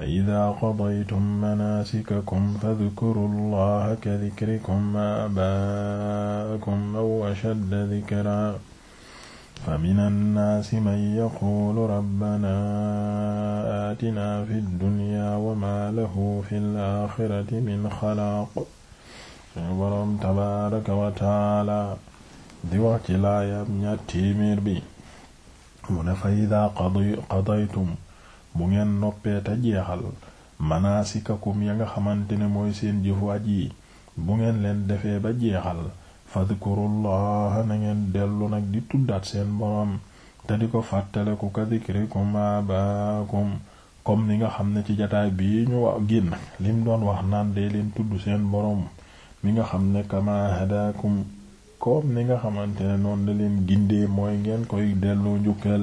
fa ida qadaytum manasikakum fadkuru allaha ka dikrikum abaakum aw ashadda dikra fa min annaasi man yaquulu rabbana aatina fi dunya wa ma lahu fi laaxirati min xalaaq suñu boroom tabaaraka wa taala di wax ci laayab ñaar téeméer bi mu ne fa ida qadaytum bu ngeen noppee te jeexal manaasikakum ya nga xamante ne mooy seen jëfwaaj yi bu ngeen leen defee ba jeexal fadkurullaha na ngeen dellu nag di tuddaat seen boroom te di ko fàttaleku ka dikrikum abaakum comme ni nga xam ne ci jataay bii ñu wax génn lim doon wax naan dee leen tudd seen boroom mi nga xam ne kama hadakum comme ni nga xamante ne noonu la leen gindee mooy ngeen koy delloo njukkal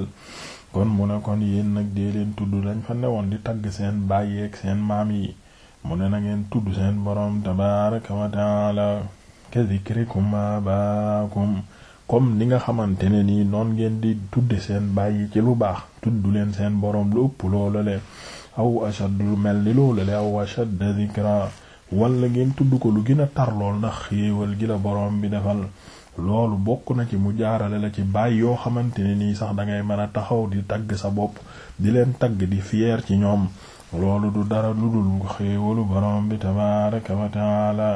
kon mu ne kon yéen nag dee leen tudd dañ fa newoon di tagg seen baay ak seen maam yi mu ne na ngeen tudd seen boroom tabaaraka wa taala ka zikrikum abaakum comme ni nga xamante ne nii noon ngeen di tudde seen baay yi ci lu baax tudd leen seen boroom lu ëpp loolu le aw ashad lu mel ni loolu le aw ashad zikra wala ngeen tudd ko lu gën a tar lool ndax xéewal gi la boroom bi defal loolu bokk na ci mu jaarale la ci baay yoo xamante ne nii sax dangay mën a taxaw di tagg sa bopp di leen tagg di fier ci ñoom loolu du dara lu dul xéewalu borom bi tabaraka wa taala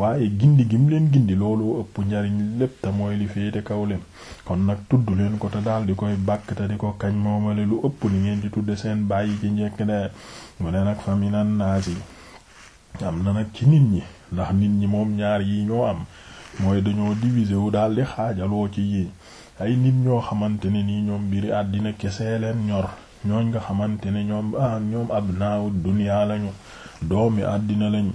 waaye gindi gim leen gindi loolu ëpp njariñ lépp te mooy li féete kaw leen kon nag tudd leen ko te daal di koy bàkk te di ko kañ moomale lu ëpp li ngeen di tudde seen bàyyi ci njekk de mu ne nag faminan naasi am na nag ci nit ñi ndax nit ñi moom ñaar yi ñoo am mooy dañoo diviser wu daal di xaajaloo ci yi ay nit ñoo xamante ne nii ñoom mbiri àddina kesee leen ñor ñooñ nga xamante ne ñoom ah ñoom ab naaw duniyaa lañu doomi àddina lañ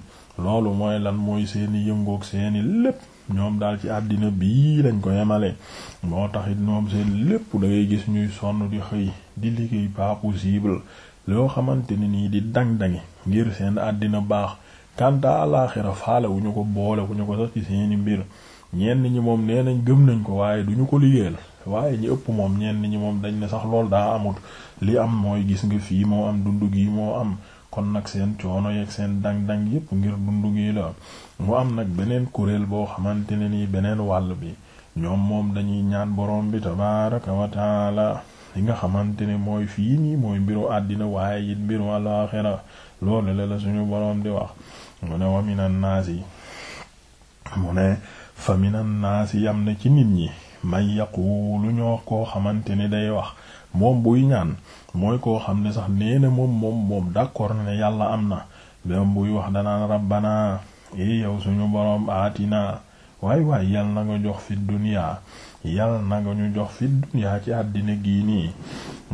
loolu mooy lan mooy seeni yëngoog seeni lépp ñoom daal ci àddina bii lañ ko yemale moo taxit ñoom seen lépp da ngay gis ñuy sonn di xëy di liggéey pas possible loo xamante ne nii di dang-dangi ngir seen àddina baax kanta àlaxira faale wu ñu ko boole wu ñu ko sax ci seeni mbir ñenn ñi moom nee gëm nañ ko waaye duñu ko liggéeyal waaye ñu ëpp moom ñenn ñi moom dañ ne sax lool daa amut li am mooy gis nga fii moo am dund gi moo am kon nag seen coono seen dang ngir dund gi la am nag beneen kuréel boo xamante ne nii beneen wàll bi ñoom moom dañuy ñaan borom bi tabaraka wa taala li nga xamante ne mooy fii nii mooy mbiru àddina waaye it mbiru àlaxira loolu la la suñu borom di wax mu ne wa minan naasi mu ne fa minan am na ci nit ñi may yaqulu ñoo koo xamante ne day wax moom buy ñaan mooy koo xam ne sax nee na moom moom moom na ne yàlla am na moom buy wax danaan rabbana i eh yow suñu boroom aatina waay waay yal na nga jox fi duniyaa yal na nga ñu jox fi duniyaa ci àddina gii nii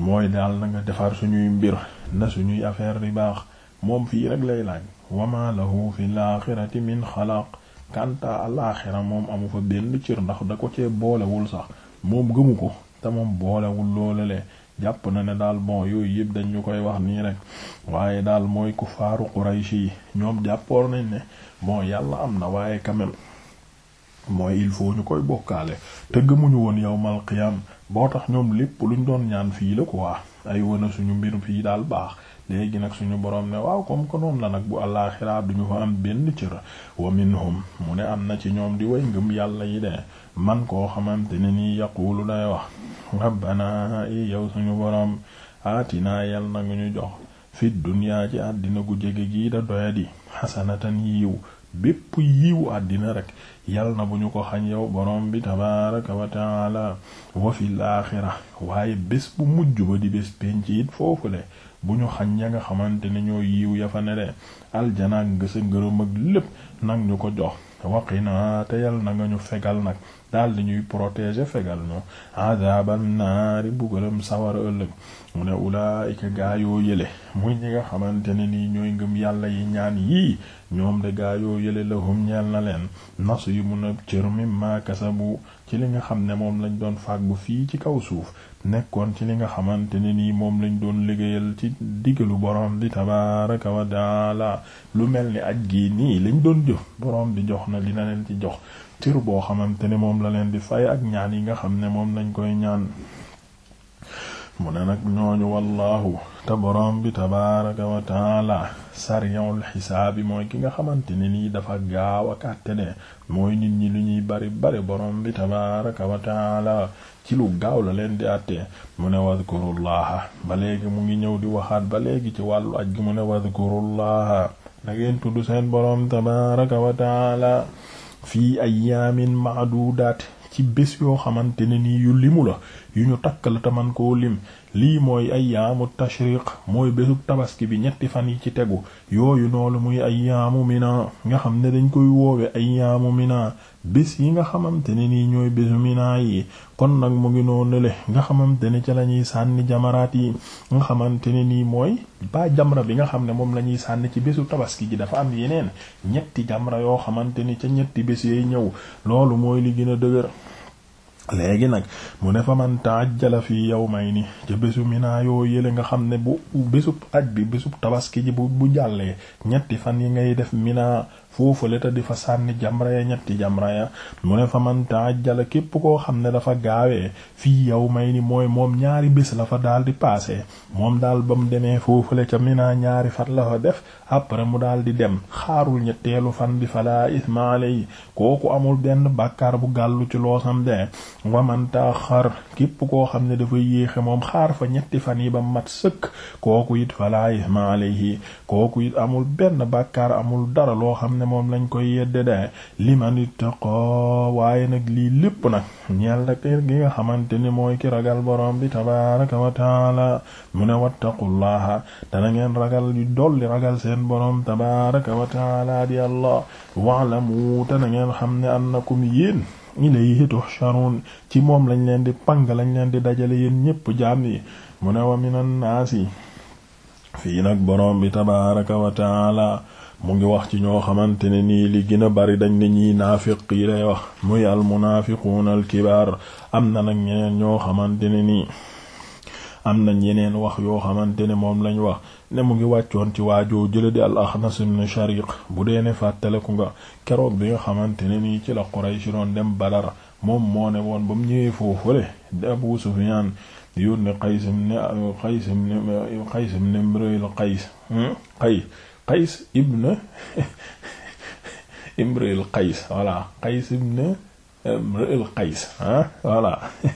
mooy daal na nga defar suñuy mbir na ñuy affaire di baax moom fii rek lay laaj wama lahu fi laaxirati min xalaq kanta alaaxira moom amu fa benn cir ndax da ko cee boolewul sax moom gëmu ko te moom boolewul loolale jàpp na ne daal bon yooyu yëpp dañ ñu koy wax nii rek waaye daal mooy ku faaru Quraysh yi ñoom jàppoor nañ ne bon yàlla am na waaye quand même mooy il faut ñu koy bokkaale te gëmuñu woon yawmal qiyaam boo tax ñoom lépp lu luñ doon ñaan fii la quoi ay wana suñu mbir fii daal baax léegi nag suñu boroom ne waaw comme que la nag bu àllaaxira duñu fa am benn cër wa minhum mu ne am na ci ñoom di way ngëm yàlla yi de man koo xamante ne nii yaquulu day wax rabbana i e yow suñu boroom aatinaa yal na nga ñu jox fi dunyaa ci àddina gu jege gii da doyadi xasanatan yiiw bépp yiwu àddina rek yal na bu ñu ko xañ yow borom bi tabaraka wa taala wa fil axira waaye bés bu mujj ba di bés penc it foofule bu ñu xañ ya nga xamante ne ñoo yiw ya fa ne de aljanaak nga sa ngërëm ak lépp nag ñu ko jox waqi naa te yal na nga ñu fegal nag daal di ñuy protéger fegal ñoo adaban naari bugalam sawara ëllëg mu ne ulaayika gaayoo yële muy ñi nga xamante ne nii ñooy ngëm yàlla yi ñaan yii ñoom de gaayoo yële lahum ñeel na leen nasibun ab cër mimma bu ci li nga xam ne moom lañ doon fàggu fii ci kaw suuf nekkoon ci li nga xamante ne nii moom lañ doon liggéeyal ci diggalu boroom bi tabaraka wa taala lu mel ni ak gii nii liñ doon jëf borom di jox na dina leen ci jox tir boo xamante ne moom la leen di fay ak ñaan yi nga xam ne moom lañ koy ñaan mu ne nag ñooñu wallaahu te borom bi tabaaraka wa taala xisaabi mooy ki nga xamante ne nii dafa gaaw a kàtte ne mooy nit ñi lu ñuy bari bari borom bi tabaaraka wa ci lu gaaw la leen di àttee mu ne wadkurullaha ba léegi mu ngi ñëw di waxaat ba léegi ci wàllu aj gi mu ne wadkurullaha na ngeen tudd seen borom tabaaraka wa taala fii ayyaamin ma'duudaat ci bés yoo xamante ne nii yu limu la yu ñu takk la te man koo lim lii mooy ay ayyaamu tashriq mooy bésu tabaski bi ñetti fan yi ci tegu yooyu noonu muy ay ayyaamu mina nga xam ne dañ koy woowe ay ayyaamu mina bés yi nga xamante ne nii ñooy bésu mina yi kon nag mu ngi noonu le nga xamante ne ci la ñuy sànni jamaraat yi nga xamante ne nii mooy ba jamra bi nga xam ne moom la ñuy sànni ci bésu tabaski ji dafa am yeneen ñetti jamra yoo xamante ni ca ñetti bés yooy ñëw loolu mooy li gën a dëgër léegi nag mu ne fa man taajjala fii ni ca bésu minaa yoo yële nga xam ne bu bésub aj bi bésub tabaski ji bu bu jàllee ñetti fan yi ngay def minaa foofale te di fa sànni jamra ya ñetti jamra ya mu ne fa man taajjala képp koo xam ne dafa gaawee fii ni mooy moom ñaari bés la fa daal di passé moom daal ba mu demee foofale ca minaa ñaari fan la fa def après mu daal di dem xaarul ñetteelu fan bi falaa isma alay kooku amul benn bàkkaar bu gàllu ci loosam waman taaxar képp koo xam ne dafa yéexe moom xaar fa ñetti fan yi ba mat sëkk kooku it falaa ithma alayhi kooku it amul benn bàkkaar amul dara loo xam ne moom lañ koy yedde de liman ittaqa waaye nag lii lépp nag ñeel nag gi nga xamante ni mooy ki ragal borom bi tabaraka wa taala mu ne wattaqullaha dana ngeen ragal yu dolli ragal seen borom tabaraka wa taala di allah wa'lamu te na ngeen xam ne annakum yéen ilayhi tuhsharun ci moom lañ leen di pang lañ leen di dajale yéen ñépp jaam yi mu ne wa minan naas yi fii nag boroom bi tabaaraka wa mu ngi wax ci ñoo xamante ne nii li gën a bari dañ ne ñii naafiq yi lay wax muy al munaafiquun am na nag ñeneen ñoo xamante ne nii am nañ yeneen wax yoo xamante ne moom lañ wax ne mu ngi wàccoon ci waajoo jële di al Axnas ibn Shariq bu dee ne fàttaleku nga keroog bi nga xamante ne nii ci la Quraysh doon dem Badar moom moo ne woon ba mu ñëwee foofule di Abu Sufyaan yónni Qays ibn Qays ibn Qays ibn Imril Qays hmm? Qays Qays ibn Imril Qays voilà Qays ibn Imril Qays ah voilà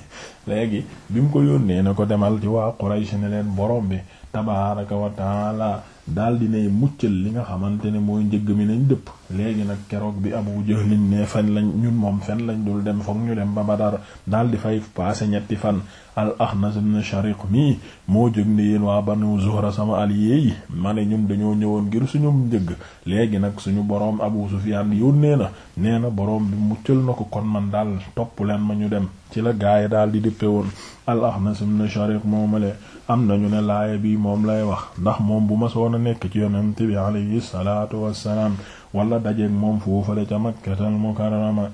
léegi bi mu ko yónnee na ko demal ci waa Quraysh ne leen borom bi tabaaraka wa taala daal dinay muccël li nga xamante ne mooy njëg mi nañ dëpp léegi nag keroog bi Abu Jahl liñ ne fan lañ ñun moom fen lañ dul dem foog ñu dem ba dara daal di fay paase ñetti fan al Axnas ibn Shariq mii moo jóg ne yéen waa Banu Zuhra sama allié yi ma ne ñun dañoo ñëwoon ngir suñu njëg léegi nag suñu boroom Abu Sufyaan yónnee na nee na boroom bi muccël na ko kon man daal topp leen ma ñu dem ci la gaay daal di dippe woon al-Ahnas ibn moom moomale am nañu ne laaya bi moom lay wax ndax moom bu ma soon a nekk ci yonent bi alayhi salaatu wassalaam wala dajeeg moom foofale ca Makkatal Mukarrama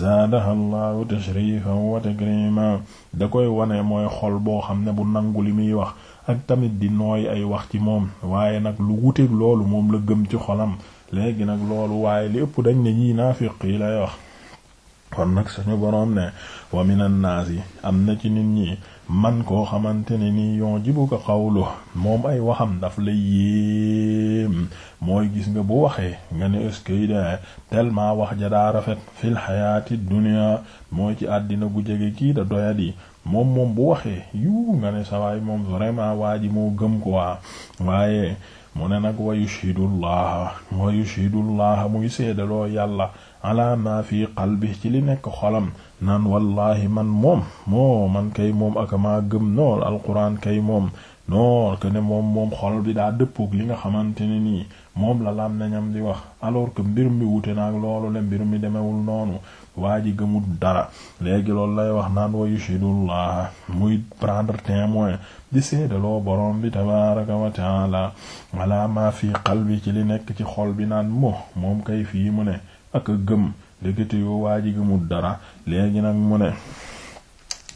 zaadaha Allahu tashrifan wa takrima da koy wane mooy xol boo xam ne bu nangu li muy wax ak tamit di nooy ay wax ci moom waaye nag lu wuteeg loolu moom la gëm ci xolam léegi nag loolu waaye li ëpp dañ ne ñii naafiq yi lay wax kon nag suñu boroom ne wa minan naas yi am na ci nit ñi man koo xamante ne nii yon ko xawlu moom ay waxam daf la yéem mooy gis nga bu waxee nga ne est-ce que de wax ja daa rafet fil xayaati dunya mooy ci àddina gu jege kii da yi moom moom bu waxee yu nga ne sa waay moom vraiment waa ji moo gëm ko waa waaye mu ne nag wa yushhidullaha wa yushhidullaha muy seedaloo yàlla ala ma fi qalbi ci li nekk xolam naan wallahi man moom moo man kay moom ak ma gëm nool alquran kay moom nool ke ne moom moom xol bi daa dëppook li nga xamante ne nii moom la lam nañam di wax alors que mbir mi wute naag loolu le mbir mi demewul noonu waa ji gëmul dara léegi loolu lay wax naan wa yushidullah muy prendre témoin di seedaloo borom bi tabaraka wa taala ala ma fi qalbi ci li nekk ci xol bi naan mo moom kay fii mu ne ak a gëm dëgate yoo waa ji gëmul dara léegi nag mu ne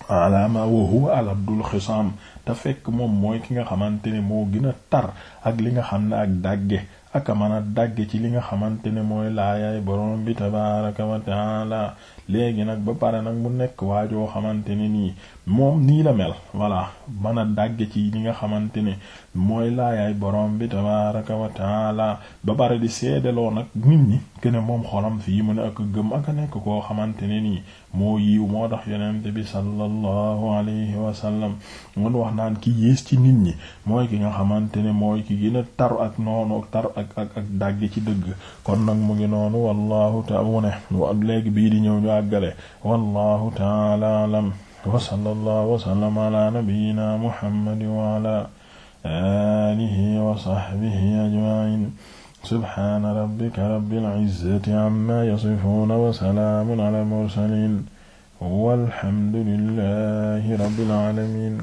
alaama wa huwa al abdul xisaam te fekk moom mooy ki nga xamante ne moo gina tar ak li nga xam ne ak dàgge aka mën a dàgg ci li nga xamante ne mooy laayaay borom bi tabaaraka wa taala léegi nag ba pare nag mu nekk waajoo xamante ne nii moom nii la mel voilà mën a dàgge ci li nga xamante ne mooy laayaay borom bi tabaraka wa taala ba pare di seedeloo nag nit ñi kene moom xolam fii mu ne ak gëm a nekk koo xamante ne nii moo yiw moo tax yonent bi sallallahu alayhi wasallam mun wax naan ki yées ci nit ñi mooy ki nga xamante ne mooy ki gën tar ak noonu tar ak ak ci dëgg kon nag mu ngi noonu wallahu ta mu ne léegi bii di ñëw àggale wallahu taala alam wa sallallahu wa sallama ala nabiyyina muhammadin wa ala alihi wa sahbihi ajma'in subhana rabbika rabbil izzati amma yasifuna wa salamun ala mursalin walhamdulillahi rabbil alamin